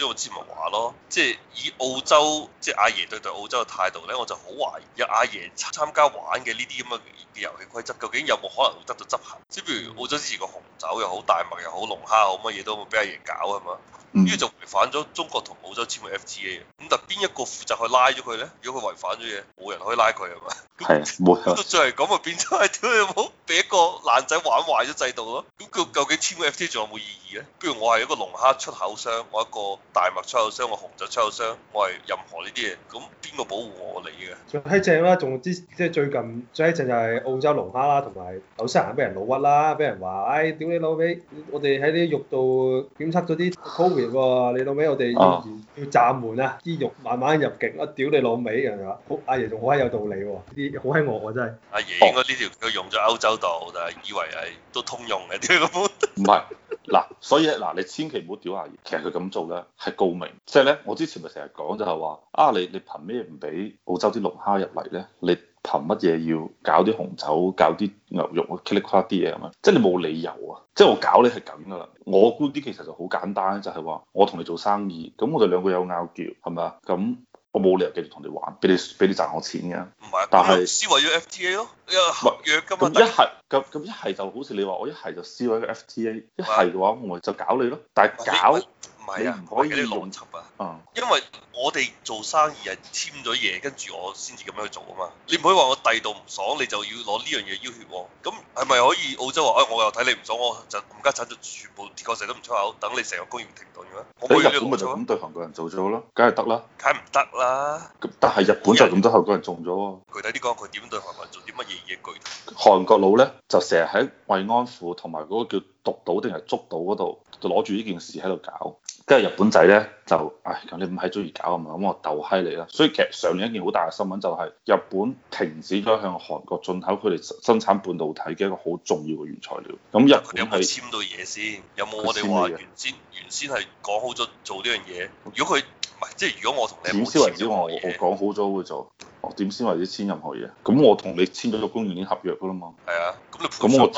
知即係我之前咪話咯，即係以澳洲即係阿爺對待澳洲嘅態度咧，我就好懷疑阿阿爺參加玩嘅呢啲咁嘅遊戲規則，究竟有冇可能會得到執行？即係譬如澳洲之前個紅酒又好，大麥又好，龍蝦好，乜嘢都俾阿爺搞係嘛，跟住、嗯、就違反咗中國同澳洲簽嘅 FTA。咁但邊一個負責去拉咗佢咧？如果佢違反咗嘢，冇人可以拉佢係嘛？係冇。咁 到 最後講就變咗係，屌冇俾一個爛仔玩壞咗制度咯。咁佢究竟簽嘅 FTA 仲有冇意義咧？不如我係一個龍蝦出口商，我一個，大麥出口商，我紅酒出口商，我係任何呢啲嘢，咁邊個保護我你嘅？最閪正啦，仲之即係最近最閪正就係澳洲龍蝦啦，同埋紐西蘭俾人老屈啦，俾人話，唉，屌你老味，我哋喺啲肉度檢測咗啲 COVID 喎，你老味我哋要要暫緩啊，啲肉慢慢入境，啊，屌你老味。」人哋話，好，阿爺仲好閪有道理喎、哦，啲好閪惡喎真係。阿、啊、爺應該呢條佢用咗歐洲度，但係以為係、哎、都通用嘅，點唔係。 嗱，所以咧，嗱，你千祈唔好屌下。其實佢咁做咧係高明，即係咧，我之前咪成日講就係話，啊，你你憑咩唔俾澳洲啲龍蝦入嚟咧？你憑乜嘢要搞啲紅酒、搞啲牛肉、攣嚟垮啲嘢咁啊？即係你冇理由啊！即係我搞你係咁噶啦，我估啲其實就好簡單，就係話我同你做生意，咁我哋兩個有拗撬，係咪啊？咁。我冇理由繼續同你玩，俾你俾你賺我錢嘅。唔係，但係思維要 FTA 咯，有合約嘅嘛。咁一係咁咁一係就好似你話我一係就思維個 FTA，一係嘅話我咪就搞你咯。但係搞。係啊，唔可以啲邏輯啊！因為我哋做生意係簽咗嘢，跟住我先至咁樣去做啊嘛。你唔可以話我第度唔爽，你就要攞呢樣嘢要挾我。咁係咪可以澳洲話？哎，我又睇你唔爽，我就唔加產就全部鐵礦石都唔出口，等你成個工業停頓嘅、啊、咩？喺、嗯、日本咪就咁對韓國人做咗咯，梗係得啦，梗唔得啦。咁但係日本就咁對韓國人做咗喎。具體啲講，佢點對韓國人做啲乜嘢嘢舉？韓國佬咧就成日喺慰安婦同埋嗰個叫。讀到定係捉到嗰度，就攞住呢件事喺度搞，跟住日本仔咧就，唉，咁你唔係中意搞啊嘛，咁我鬥閪你啦。所以其實上年一件好大嘅新聞就係、是，日本停止咗向韓國進口佢哋生產半導體嘅一個好重要嘅原材料。咁日本係簽到嘢先？有冇我哋話原先原先係講好咗做呢樣嘢？如果佢唔係，即係如果我同你點先現在 為止我，我講好咗會做，點先為止簽任何嘢？咁我同你簽咗個供應鏈合約噶啦嘛。係啊，咁你咁我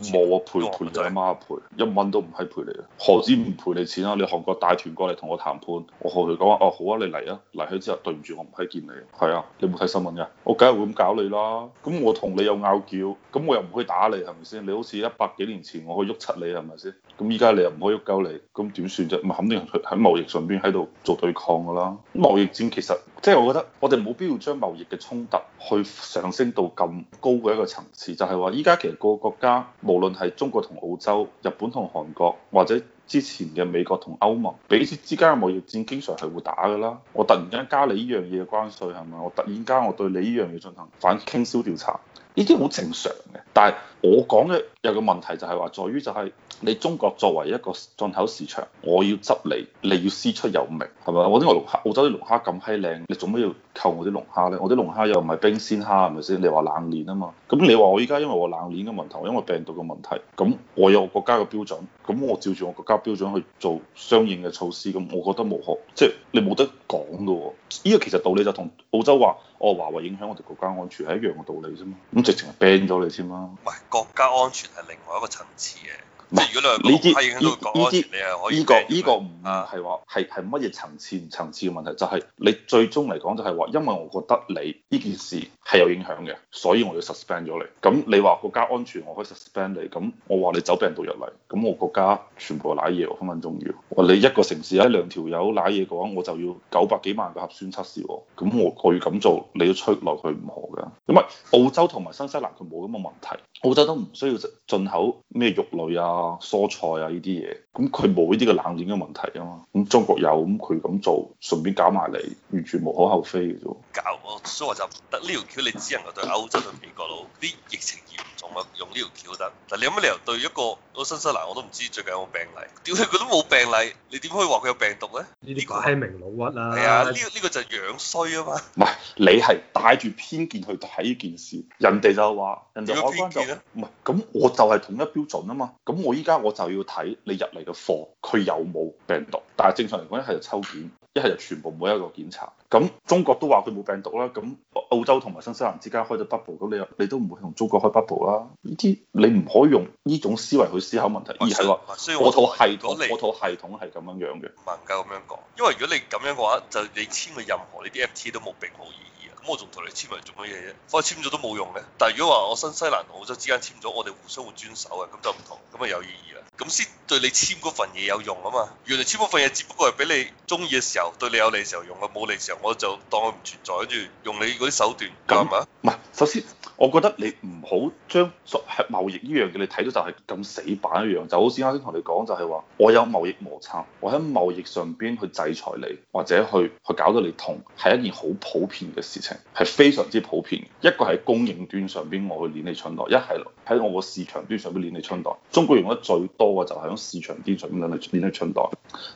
冇啊，賠賠就阿媽，媽一蚊都唔係賠你啊，何止唔賠你錢啊？你韓國大團過嚟同我談判，我同佢講話哦好啊，你嚟啊嚟去之後對唔住我唔可以見你，係啊，你冇睇新聞㗎？我梗係會咁搞你啦，咁我同你又拗撬，咁我又唔可以打你係咪先？你好似一百幾年前我是是可以喐柒你係咪先？咁依家你又唔可以喐鳩你，咁點算啫？咪肯定喺貿易上邊喺度做對抗㗎啦。貿易戰其實。即係我覺得，我哋冇必要將貿易嘅衝突去上升到咁高嘅一個層次，就係話依家其實各個國家無論係中國同澳洲、日本同韓國，或者之前嘅美國同歐盟，彼此之間嘅貿易戰經常係會打㗎啦。我突然間加你依樣嘢關稅係咪？我突然間我對你依樣嘢進行反傾銷調查，呢啲好正常嘅，但係。我講嘅有個問題就係話，在於就係你中國作為一個進口市場，我要執你，你要師出有名。係嘛？我啲龍蝦，澳洲啲龍蝦咁閪靚，你做咩要扣我啲龍蝦呢？我啲龍蝦又唔係冰鮮蝦，係咪先？你話冷鏈啊嘛？咁你話我依家因為我冷鏈嘅問題，我因為病毒嘅問題，咁我有我國家嘅標準，咁我照住我國家標準去做相應嘅措施，咁我覺得冇可，即係你冇得講噶喎。依個其實道理就同澳洲話，哦華為影響我哋國家安全係一樣嘅道理啫嘛。咁直情係 ban 咗你先啦。國家安全係另外一個層次嘅。不如果呢啲呢啲你啊，依、這個呢個唔係話係係乜嘢層次層次嘅問題，就係、是、你最終嚟講就係話，因為我覺得你呢件事係有影響嘅，所以我要 suspend 咗你。咁你話國家安全我可以 suspend 你，咁我話你走病毒入嚟，咁我國家全部攋嘢，我分分鐘要。你一個城市有兩條友攋嘢嘅話，我就要九百幾萬個核酸測試喎。咁我佢咁做，你都出落去唔好㗎。因為澳洲同埋新西蘭佢冇咁嘅問題，澳洲都唔需要進口咩肉類啊。蔬菜啊，呢啲嘢咁佢冇呢啲嘅冷鏈嘅問題啊嘛，咁中國有咁佢咁做，順便搞埋嚟，完全無可厚非嘅啫。搞我所以話就，得呢條橋，你只能夠對歐洲對美國咯，啲疫情嚴重啊，用呢條橋得。但你有乜理由對一個,一個新西蘭我都唔知最近有冇病例？屌佢，佢都冇病例，你點可以話佢有病毒咧？呢啲鬼明老屈啊！係、哎這個這個、啊，呢呢個就係樣衰啊嘛。唔係你係帶住偏見去睇呢件事，人哋就話人哋有偏見就唔係咁，我就係統一標準啊嘛，咁。我依家我就要睇你入嚟嘅貨，佢有冇病毒？但係正常嚟講，一係就抽檢，一係就全部每一個檢查。咁中國都話佢冇病毒啦，咁澳洲同埋新西蘭之間開咗 bubble，咁你你都唔會同中國開 bubble 啦。呢啲你唔可以用呢種思維去思考問題，而係話我套係我套系統係咁的你樣樣嘅，唔能夠咁樣講。因為如果你咁樣嘅話，就你簽嘅任何呢啲 FT 都冇任何意義。咁我仲同你簽埋做乜嘢啫？反正簽咗都冇用嘅。但係如果話我新西蘭同澳洲之間簽咗，我哋互相會遵守嘅，咁就唔同，咁啊有意義啦。咁先對你簽嗰份嘢有用啊嘛。原來簽嗰份嘢只不過係俾你鍾意嘅時候對你有利嘅時候用，冇利嘅時候我就當佢唔存在，跟住用你嗰啲手段。咁啊。嗯首先我覺得你唔好將係貿易呢樣嘢，你睇到就係咁死板一樣。就好似啱先同你講就，就係話我有貿易摩擦，我喺貿易上邊去制裁你，或者去去搞到你痛，係一件好普遍嘅事情，係非常之普遍嘅。一個係供應端上邊我去捻你春袋，一係喺我個市場端上邊捻你春袋。中國用得最多嘅就係喺市場端上邊捻你春袋，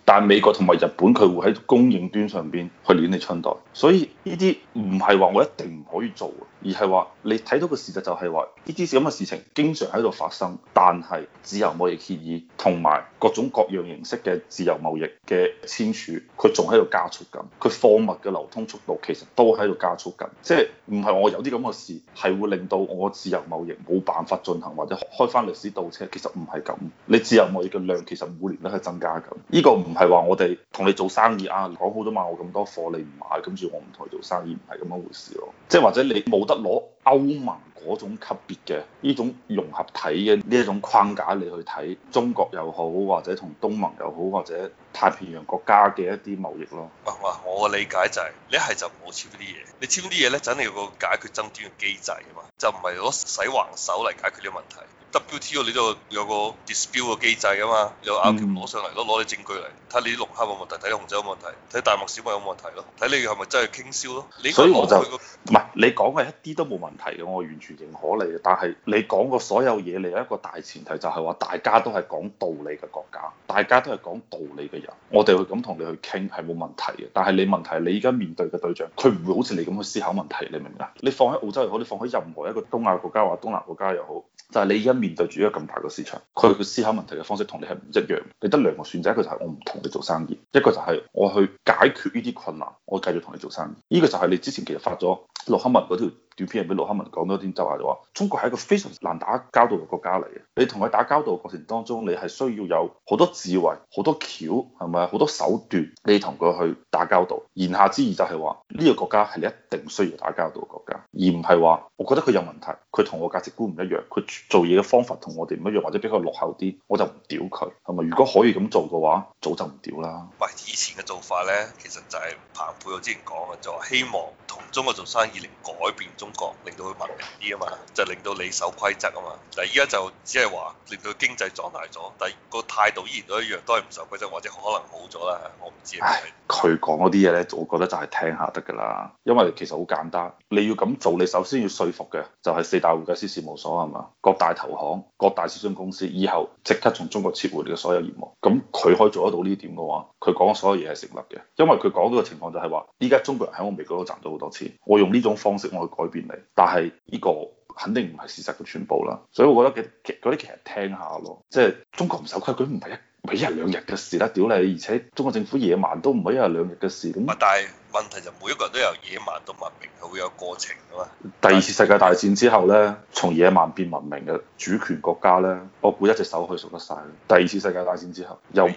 但美國同埋日本佢會喺供應端上邊去捻你春袋。所以呢啲唔係話我一定唔可以做。而係話，你睇到個事實就係話，呢啲咁嘅事情經常喺度發生，但係自由貿易協議同埋各種各樣形式嘅自由貿易嘅簽署，佢仲喺度加速緊。佢貨物嘅流通速度其實都喺度加速緊，即係唔係我有啲咁嘅事係會令到我自由貿易冇辦法進行或者開翻歷史倒車？其實唔係咁，你自由貿易嘅量其實每年都係增加緊。呢個唔係話我哋同你做生意啊，講好咗嘛，我咁多貨你唔買，跟住我唔同你做生意，唔係咁樣回事咯。即係或者你冇得攞歐盟嗰種級別嘅呢種融合體嘅呢一種框架，你去睇中國又好，或者同東盟又好，或者。太平洋國家嘅一啲貿易咯。哇！我嘅理解就係、你，一係就唔好簽啲嘢。你簽啲嘢咧，就係要個解決爭端嘅機制啊嘛。就唔係攞使橫手嚟解決呢個問題。WTO 你都有個 dispute 嘅機制啊嘛，有拗撬攞上嚟咯，攞啲證據嚟睇你啲龍蝦有冇問題，睇紅酒有冇問題，睇大麥小麥有冇問題咯，睇你係咪真係傾銷咯。你所以我就唔係、那個、你講嘅一啲都冇問題嘅，我完全認可你嘅。但係你講個所有嘢，你有一個大前提就係話，大家都係講道理嘅國家，大家都係講道理嘅人。我哋會咁同你去傾係冇問題嘅，但係你問題，你而家面對嘅對象佢唔會好似你咁去思考問題，你明唔明啊？你放喺澳洲又好，你放喺任何一個東亞國家或東南國家又好，就係你而家面對住一個咁大嘅市場，佢佢思考問題嘅方式同你係唔一樣。你得兩個選擇，一個就係我唔同你做生意，一個就係我去解決呢啲困難，我繼續同你做生意。呢個就係你之前其實發咗陸克文嗰條。短片係俾盧克文講多啲，就係話中國係一個非常難打交道嘅國家嚟嘅。你同佢打交道嘅過程當中，你係需要有好多智慧、好多橋，係咪？好多手段，你同佢去打交道。言下之意就係話呢個國家係你一定需要打交道嘅國家而，而唔係話我覺得佢有問題，佢同我價值觀唔一樣，佢做嘢嘅方法同我哋唔一樣，或者比較落後啲，我就唔屌佢。係咪？如果可以咁做嘅話，早就唔屌啦。唔以前嘅做法咧，其實就係彭佩奧，我之前講嘅就話希望同中國做生意嚟改變中。感覺令到佢文明啲啊嘛，就係令到你守規則啊嘛。但係依家就只係話令到經濟壯大咗，但係個態度依然都一樣，都係唔守規則或者可能冇咗啦。我唔知係唔係。佢講嗰啲嘢呢，我覺得就係聽下得㗎啦。因為其實好簡單，你要咁做，你首先要說服嘅就係四大會計師事務所係嘛，各大投行、各大諮詢公司，以後即刻從中國撤回你嘅所有業務。咁佢可以做得到呢點嘅話，佢講所有嘢係成立嘅，因為佢講嗰個情況就係話，依家中國人喺我美嗰度賺到好多錢，我用呢種方式我去改變。但係呢個肯定唔係事實嘅全部啦，所以我覺得嘅嗰啲其實聽下咯，即係中國唔守規矩唔係一唔係一日兩日嘅事啦，屌你，而且中國政府野蠻都唔係一日兩日嘅事，咁但係問題就每一個人都有野蠻同文明係會有過程噶嘛。第二次世界大戰之後呢，從野蠻變文明嘅主權國家呢，我估一隻手可以數得晒。第二次世界大戰之後又。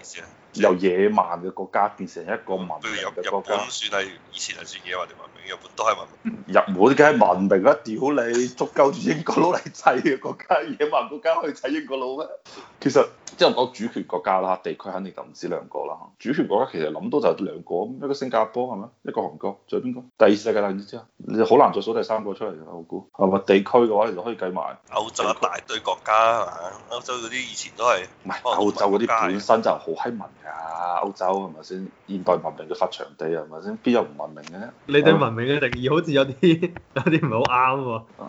由野蠻嘅國家變成一個文明嘅國家，算係以前係算野蠻嘅，啲文明日本都係文明。日本梗係 文明啦，啊，屌你，足夠住英國佬嚟砌嘅國家，野蠻國家可以砌英國佬咩？其實即係講主權國家啦，地區肯定就唔止兩個啦。主權國家其實諗多就兩個，一個新加坡係咪？一個韓國，仲有邊個？第二世界大戰之後，你好難再數第三個出嚟啊！我估，係咪地區嘅話，你就可以計埋歐洲一大堆國家係咪？歐洲嗰啲以前都係唔係？是歐洲嗰啲本身就好閪文啊，歐洲係咪先現代文明嘅發祥地係咪先？邊有唔文明嘅咧？你對文明嘅定義好似有啲有啲唔係好啱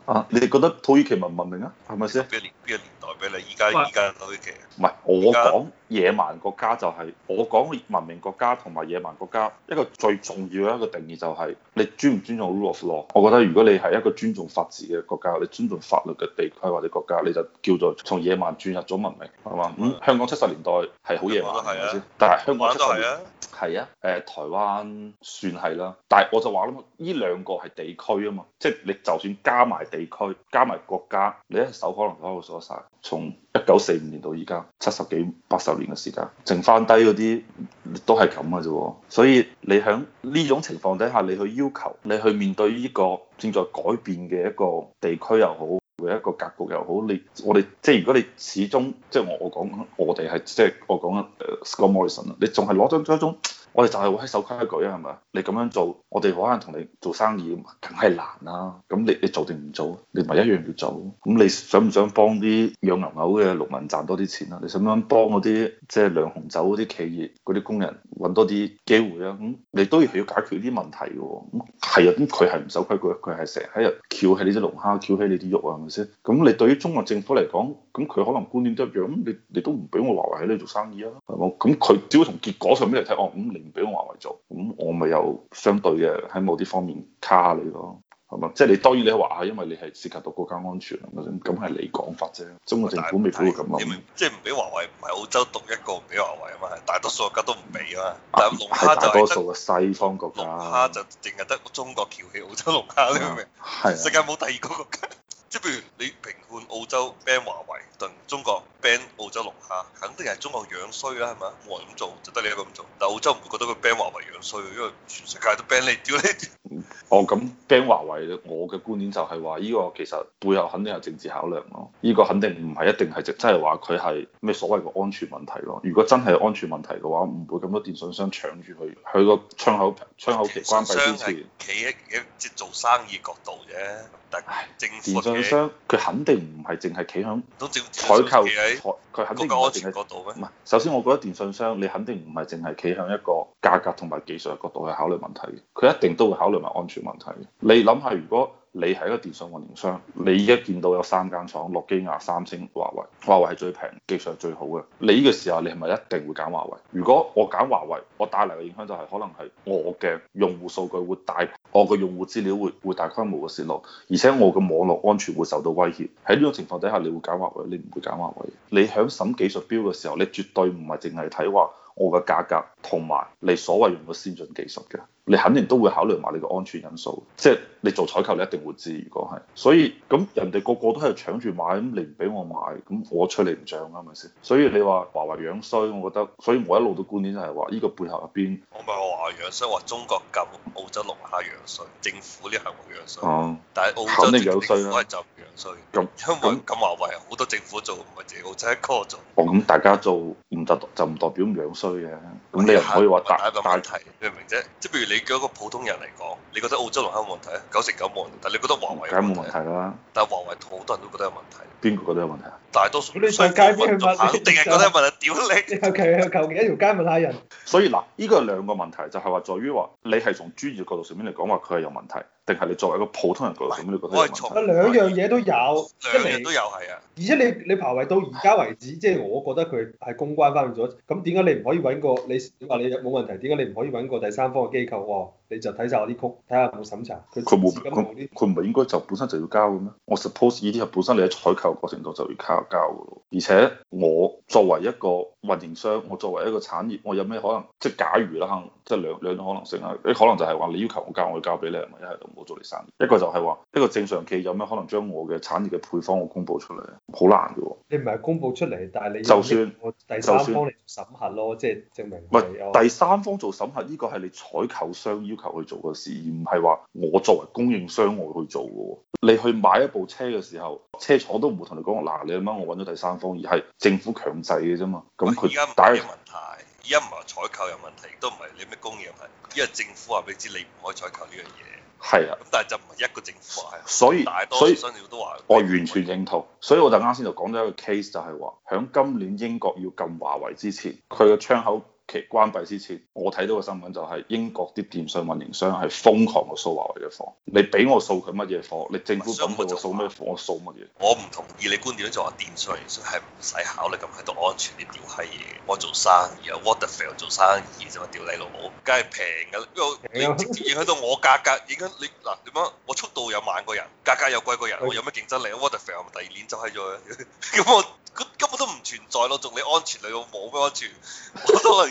喎。啊，你哋覺得土耳其文唔文明啊？係咪先？邊個年,邊個年代俾你？而家而家土耳其。唔係、啊、我講野蠻國家就係、是、我講文明國家同埋野蠻國家一個最重要嘅一個定義就係、是、你尊唔尊重 rule of law。我覺得如果你係一個尊重法治嘅國家，你尊重法律嘅地區或者國家，你就叫做從野蠻轉入咗文明係嘛？咁中文明、嗯、香港七十年代係好野蠻係咪先？但係香港都係，係啊，誒、呃、台灣算係啦。但係我就話啦，呢兩個係地區啊嘛，即係你就算加埋地區，加埋國家，你一手可能攞到數晒。從一九四五年到而家七十幾八十年嘅時間，剩翻低嗰啲都係咁嘅啫。所以你喺呢種情況底下，你去要求，你去面對呢個正在改變嘅一個地區又好。一個格局又好，你我哋即係如果你始終即係我講，我哋係即係我講，呃、uh, Scott Morrison 啊，你仲係攞咗一種，我哋就係會喺守規矩啊，係咪？你咁樣做，我哋可能同你做生意，梗係難啦，啊。咁你你做定唔做？你咪一樣要做？咁你想唔想幫啲養牛牛嘅農民賺多啲錢啊？你想唔想幫嗰啲即係釀紅酒嗰啲企業嗰啲工人？揾多啲機會啊！咁你都要要解決呢啲問題嘅咁係啊！咁佢係唔守規矩，佢係成日喺度撬起呢隻龍蝦，撬起你啲肉啊，係咪先？咁你對於中國政府嚟講，咁佢可能觀念都一樣，咁你你都唔俾我華為喺呢度做生意啊，係咪？咁佢只要從結果上面嚟睇，哦，咁你唔俾我華為做，咁我咪有相對嘅喺某啲方面卡你咯。即係你當然你話啊，因為你係涉及到國家安全啊，咁咁係你講法啫。中國政府未會未必會咁啊。你即係唔俾華為唔係澳洲獨一個唔俾華為啊嘛，大多數國家都唔俾啊，但係龍蝦就係，多數嘅西方國家。龍蝦就淨係得中國橋起，澳洲龍蝦呢，你明唔明？啊、世界冇第二個國家。即係譬如你評判澳洲 ban 華為對中國，ban 澳洲龍蝦，肯定係中國樣衰啦，係咪？冇人咁做，就得你一個咁做。但澳洲唔會覺得佢 band 華為樣衰，因為全世界都 ban 你，屌你屌，屌你！哦，咁 band 華為我嘅觀點就係話，呢個其實背後肯定有政治考量咯。呢個肯定唔係一定係直，即係話佢係咩所謂嘅安全問題咯。如果真係安全問題嘅話，唔會咁多電信商搶住佢，佢個窗口窗口期關閉之前，企喺即做生意角度啫，但係政電信商佢肯定唔係淨係企響採購，佢肯定唔係淨係角度嘅。唔係，首先我覺得電信商你肯定唔係淨係企向一個價格同埋技術嘅角度去考慮問題嘅，佢一定都會考慮埋安全問題嘅。你諗下，如果你係一個電信運營商，你依家見到有三間廠，諾基亞、三星、華為，華為係最平，技術係最好嘅。你依個時候，你係咪一定會揀華為？如果我揀華為，我帶嚟嘅影響就係可能係我嘅用戶數據會大，我嘅用戶資料會會大規模嘅泄露，而且我嘅網絡安全會受到威脅。喺呢種情況底下，你會揀華為，你唔會揀華為。你喺審技術標嘅時候，你絕對唔係淨係睇話我嘅價格，同埋你所謂用嘅先進技術嘅。你肯定都會考慮埋你個安全因素，即係你做採購，你一定會知。如果係，所以咁人哋個個都喺度搶住買，咁你唔俾我買，咁我催你唔漲，係咪先？所以你話華為樣衰，我覺得，所以我一路嘅觀點就係話，呢個背後入邊，我唔係話華為樣衰，我話中國咁澳洲龍蝦樣衰，政府呢係冇樣衰。哦、嗯。但係澳洲啲政府係就樣衰，嗯。肯定有咁，咁華為好多政府做，唔係自己澳洲一個做。哦，咁大家做唔，就就唔代表樣衰嘅。咁你又唔可以話帶帶題，你明啫？即你叫一個普通人嚟，講你覺得澳洲龍蝦有問題？啊？九成九冇問題。但係你覺得華為梗冇問題，問題。但係華為好多人都覺得有問題，邊個覺得有問題？大多數，你上街邊去問，定係覺得問下屌你？求其求其一條街問下人。 所以嗱，依、呢個兩個問題就係話在於話，你係從專業角度上面嚟講話佢係有問題，定係你作為一個普通人角度上面是你覺得有問題？兩樣嘢都有，一嚟都有係味啊。而且你你排位到而家為止，即係 我覺得佢係公關方面咗，咁點解你唔可以揾個你你話你冇問題？點解你唔可以揾個第三方嘅機構，你就睇晒我啲 code，睇下有冇審查？佢冇，佢佢唔係應該就本身就要交嘅咩？我 suppose 呢啲係本身你喺採購過程度就要交。交而且我作為一個。運營商，我作為一個產業，我有咩可能？即係假如啦，可能即係兩兩種可能性啦。一可能就係話你要求我交，我要交俾你，咪一係就唔好做你生意。一個就係話，一個正常企業有咩可能將我嘅產業嘅配方我公布出嚟？好難㗎喎。你唔係公布出嚟，但係你就算第三方嚟審核咯。算即係證明。第三方做審核，呢、這個係你採購商要求去做嘅事，而唔係話我作為供應商我去做㗎。你去買一部車嘅時候，車廠都唔會同你講，嗱、啊、你點樣我揾咗第三方，而係政府強制嘅啫嘛。咁 而家唔係問題，而家唔係話採購有問題，都唔係你咩工業問題，因為政府話俾你知你唔可以採購呢樣嘢。係啊，咁但係就唔係一個政府係，所以大多所以新料都話，我完全認同。所以我就啱先就講咗一個 case，就係話喺今年英國要禁華為之前，佢個窗口。關閉之前，我睇到個新聞就係英國啲電信運營商係瘋狂嘅掃華為嘅貨。你俾我掃佢乜嘢貨，你政府等我掃乜嘢貨，我掃乜嘢。我唔同意你觀點，就話電信運營商係唔使考慮咁喺度安全啲屌閪嘢。我做生意啊 Water Fair 做生意就嘛，屌你老母，梗係平㗎，因你直接影響到我價格，影響你嗱點樣？我速度有慢過人，價格又貴過人，我有咩競爭力 Water Fair 第二年就係咗咁我根本都唔存在咯，仲你安全你老母，我冇咩安全，我都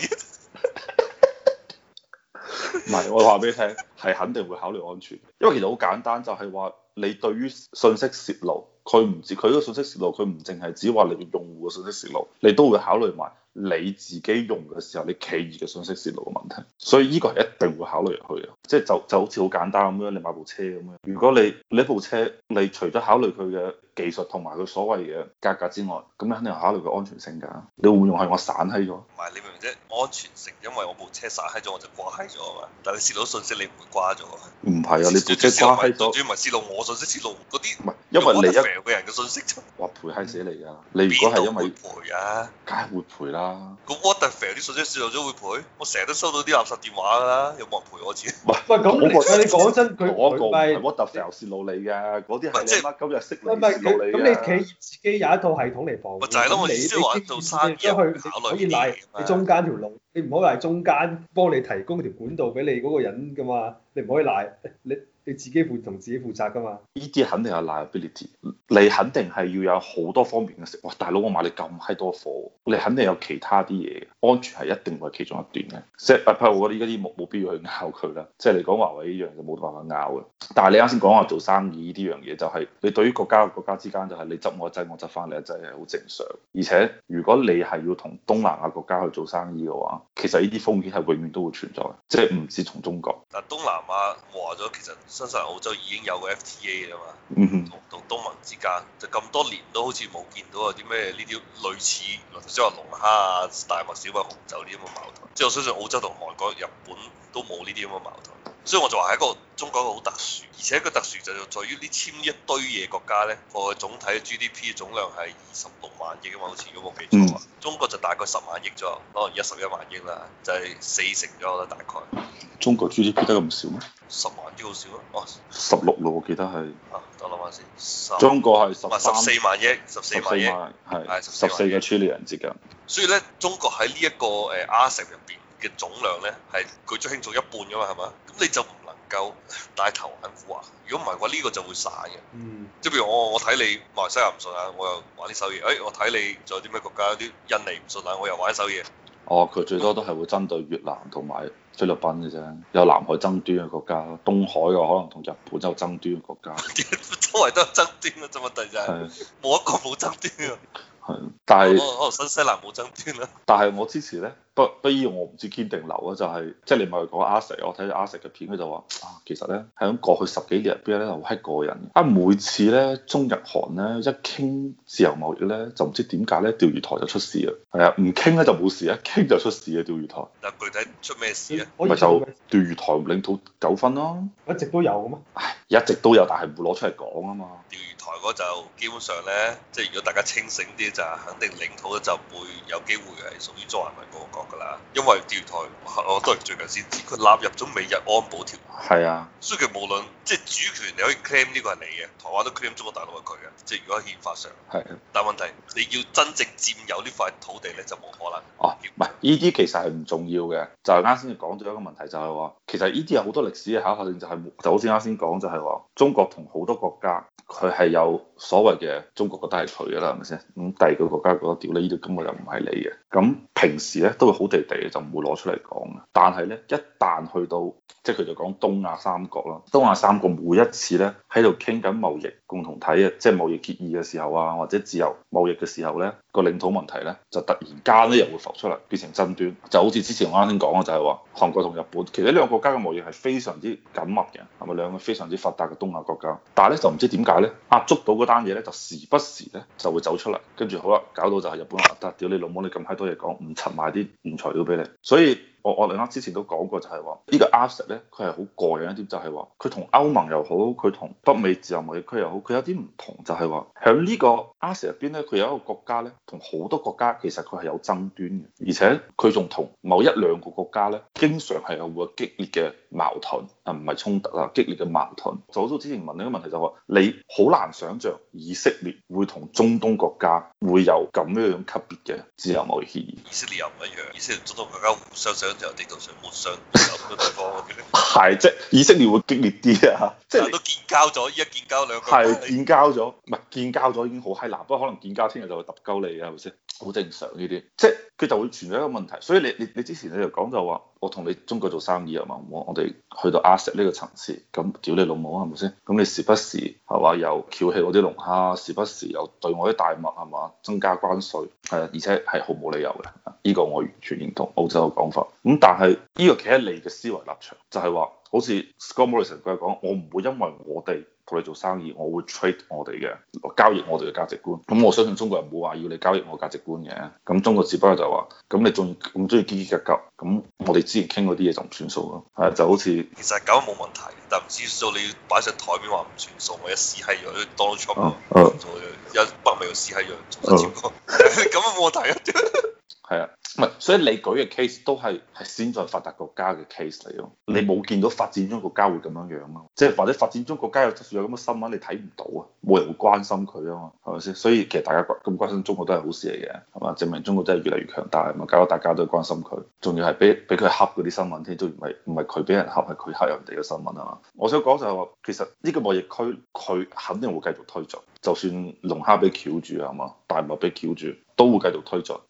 唔係， 我話俾你聽，係肯定會考慮安全，因為其實好簡單就，就係話你對於信息泄露，佢唔只佢個信息泄露，佢唔淨係指話你用戶嘅信息泄露，你都會考慮埋你自己用嘅時候你企業嘅信息泄露嘅問題，所以呢個係一定會考慮入去嘅。即係就就好似好簡單咁樣，你買部車咁樣。如果你你部車，你除咗考慮佢嘅技術同埋佢所謂嘅價格之外，咁你肯定考慮佢安全性噶。你會唔會係我散閪咗？唔係，你明唔明啫？安全性因為我部車散閪咗，我就掛閪咗啊嘛。但係你泄到信息你，你唔會掛咗。唔係啊，你部車掛閪咗，轉咪泄露我信息，泄露嗰啲。唔係，因為你一個人嘅信息就。哇！賠閪死你啊！你如果係因為賠啊，梗係會賠啦、啊。個 Waterfield 啲信息泄露咗會賠？我成日都收到啲垃圾電話噶啦，有冇人賠我錢？喂，咁你講真，佢我唔係 what 特殊路嚟嘅，嗰啲係你係今日識，唔係咁你企業自己有一套系統嚟防。咪就係咯，你你接接咗去，可以賴你中間條路，你唔可以賴中間幫你提供條管道俾你嗰個人噶嘛，你唔可以賴你。你 你自己負同自己負責㗎嘛？呢啲肯定有 liability，你肯定係要有好多方面嘅嘢。哇！大佬，我買你咁閪多貨，你肯定有其他啲嘢。安全係一定會係其中一段嘅。即係我覺得呢啲冇冇必要去拗佢啦。即係你講華為呢樣就冇辦法拗嘅。但係你啱先講話做生意呢啲樣嘢，就係你對於國家國家之間就係你執我一劑，我執翻你一劑係好正常。而且如果你係要同東南亞國家去做生意嘅話，其實呢啲風險係永遠都會存在。即係唔止從中國。嗱，東南亞話咗其實。相信澳洲已經有個 FTA 㗎嘛，同同、mm hmm. 東盟之間就咁多年都好似冇見到有啲咩呢啲類似，即係話龍蝦啊、大麥、小麥、紅酒呢啲咁嘅矛盾，即係我相信澳洲同韓國、日本都冇呢啲咁嘅矛盾。所以我就話係一個中國一個好特殊，而且一個特殊就係在於呢籤一堆嘢國家咧，個總體嘅 GDP 嘅總量係二十六萬億嘅嘛，好似我冇記錯。嗯、中國就大概十萬億咗，可能一十一萬億啦，就係、是、四成咗啦，大概。中國 GDP 得咁少咩？十萬億好少啊！哦。十六咯，我記得係。啊，等我諗下先。中國係十十四萬億。十四萬億。係。係十四嘅 trillion 㗎。所以咧，中國喺呢一個誒 RCEP 入邊，嘅總量咧係舉足輕重一半噶嘛，係嘛？咁你就唔能夠帶頭玩股啊！如果唔係嘅話，呢個就會散嘅。嗯。即係譬如我我睇你馬來西亞唔順眼，我又玩呢手嘢。誒、哎，我睇你仲有啲咩國家啲印尼唔順眼，我又玩呢手嘢。哦，佢最多都係會針對越南同埋菲律賓嘅啫，有南海爭端嘅國家，東海嘅可能同日本有爭端嘅國家。 周圍都有爭端嘅啫嘛，問題就係冇一個冇爭端嘅。係，但係。可能新西蘭冇爭端啦。 但係我支持咧。不不要我唔知堅定留啊！就係、是、即係你咪講阿石，我睇咗阿石嘅片，佢就話啊，其實咧喺過去十幾年入邊咧好閪過癮。啊！每次咧中日韓咧一傾自由貿易咧，就唔知點解咧釣魚台就出事啊！係啊，唔傾咧就冇事，啊。傾就出事啊！釣魚台，但具體出咩事啊？咪就釣魚台領土糾紛咯，一直都有嘅咩？唉，一直都有，但係唔會攞出嚟講啊嘛。釣魚台嗰就基本上咧，即係如果大家清醒啲就肯定領土咧就會有機會係屬於中華民國。因為釣台，我都係最近先知佢納入咗美日安保條約。係是啊，所以其實無論即係、就是、主權你可以 claim 呢個係你嘅，台灣都 claim 中國大陸係佢嘅，即、就、係、是、如果憲法上。係。是啊、但係問題你要真正佔有呢塊土地咧，就冇可能。哦、啊，唔係呢啲其實係唔重要嘅，就係啱先你講到一個問題就，就係話其實呢啲有好多歷史嘅巧合性，就係就好似啱先講就係話中國同好多國家佢係有所謂嘅中國覺得係佢噶啦，係咪先？咁第二個國家覺得屌呢呢度根本就唔係你嘅咁。平時咧都會好地地嘅，就唔會攞出嚟講。但係咧，一旦去到即係佢就講東亞三國啦，東亞三國每一次咧喺度傾緊貿易共同體啊，即係貿易協議嘅時候啊，或者自由貿易嘅時候咧，個領土問題咧就突然間咧又會浮出嚟，變成爭端。就好似之前我啱先講嘅，就係話韓國同日本其實呢兩個國家嘅貿易係非常之緊密嘅，係咪兩個非常之發達嘅東亞國家？但係咧就唔知點解咧壓捉到嗰單嘢咧，就時不時咧就會走出嚟，跟住好啦，搞到就係日本話得，屌你老母，你咁閪多嘢講揈埋啲原材料俾你，所以。我我哋啱之前都講過就，過就係話呢個阿什咧，佢係好過癮一啲，就係話佢同歐盟又好，佢同北美自由貿易區又好，佢有啲唔同就，就係話喺呢個阿什入邊咧，佢有一個國家咧，同好多國家其實佢係有爭端嘅，而且佢仲同某一兩個國家咧，經常係有個激烈嘅矛盾啊，唔係衝突啊，激烈嘅矛盾。矛盾就好似之前問你嘅問題就係話，你好難想像以色列會同中東國家會有咁樣級別嘅自由貿易協議。以色列又唔一樣，以色列中東國家互相就地度上抹上咁多地方，係即係以色列會激烈啲啊！吓，即係你都建交咗，依家建交兩個，係建交咗，唔係建交咗已經好嗨。嗱，不過可能建交聽日就會揼鳩你啊，係咪先？好正常呢啲，即係。佢就會存在一個問題，所以你你你之前你就講就話，我同你中國做生意啊嘛，我哋去到阿石呢個層次，咁屌你老母啊，係咪先？咁你時不時係話又翹起我啲龍蝦，時不時又對我啲大麥係嘛增加關稅，誒而且係毫無理由嘅，呢個我完全認同澳洲嘅講法。咁但係呢個企喺你嘅思維立場，就係話好似 ScoMo 佢係講，我唔會因為我哋。同你做生意，我會 trade 我哋嘅交易我哋嘅價值觀。咁我相信中國人冇話要你交易我價值觀嘅。咁中國只不過就話，咁你仲咁中意斤斤計較，咁我哋之前傾嗰啲嘢就唔算數咯。係，就好似其實咁冇問題，但唔知道你要擺上台面話唔算數，我一屎閪咗當 Trump，一北面又屎閪咗咁朝官，咁冇、oh. 問題、啊。 係啊，唔係，所以你舉嘅 case 都係係先進發達國家嘅 case 嚟咯，你冇見到發展中國家會咁樣樣咯，即係或者發展中國家有有咁嘅新聞你睇唔到啊，冇人會關心佢啊嘛，係咪先？所以其實大家關咁關心中國都係好事嚟嘅，係嘛？證明中國真係越嚟越強大，咪搞到大家都關心佢，仲要係俾俾佢恰嗰啲新聞添，都唔係唔係佢俾人恰，係佢恰人哋嘅新聞啊嘛。我想講就係話，其實呢個貿易區佢肯定會繼續推進，就算龍蝦被撬住係嘛，大麥被撬住都會繼續推進。